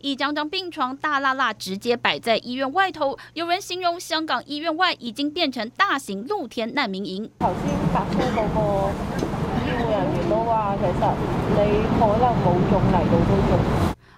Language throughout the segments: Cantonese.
一張張病床大辣辣直接擺在醫院外頭，有人形容香港醫院外已經變成大型露天難民營。頭先發出嗰個醫護人員都話，其實你可能冇用，嚟到都用。」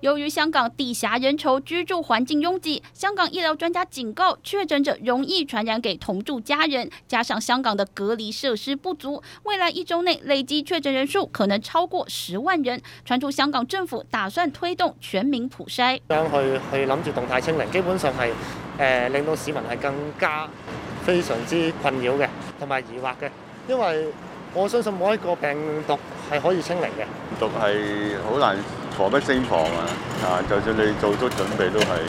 由於香港地狹人稠，居住環境擁擠，香港醫療專家警告確診者容易傳染給同住家人，加上香港嘅隔離設施不足，未來一周內累積確診人數可能超過十萬人。傳出香港政府打算推動全民普篩，咁樣去去諗住動態清零，基本上係誒、呃、令到市民係更加非常之困擾嘅，同埋疑惑嘅，因為我相信冇一個病毒係可以清零嘅，病毒係好難。防不勝防啊！啊，就算你做足準備都係，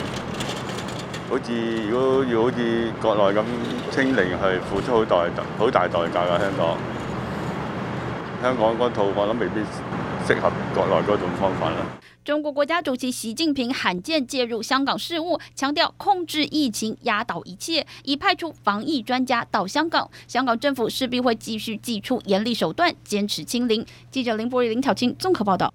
好似如果要好似國內咁清零，係付出好大好大代價嘅。香港香港嗰套我諗未必適合國內嗰種方法啦，啊。中國國家主席習近平罕見介入香港事務，強調控制疫情壓倒一切，已派出防疫專家到香港。香港政府勢必會繼續祭出嚴厲手段，堅持清零。記者林博宇、林巧清綜合報導。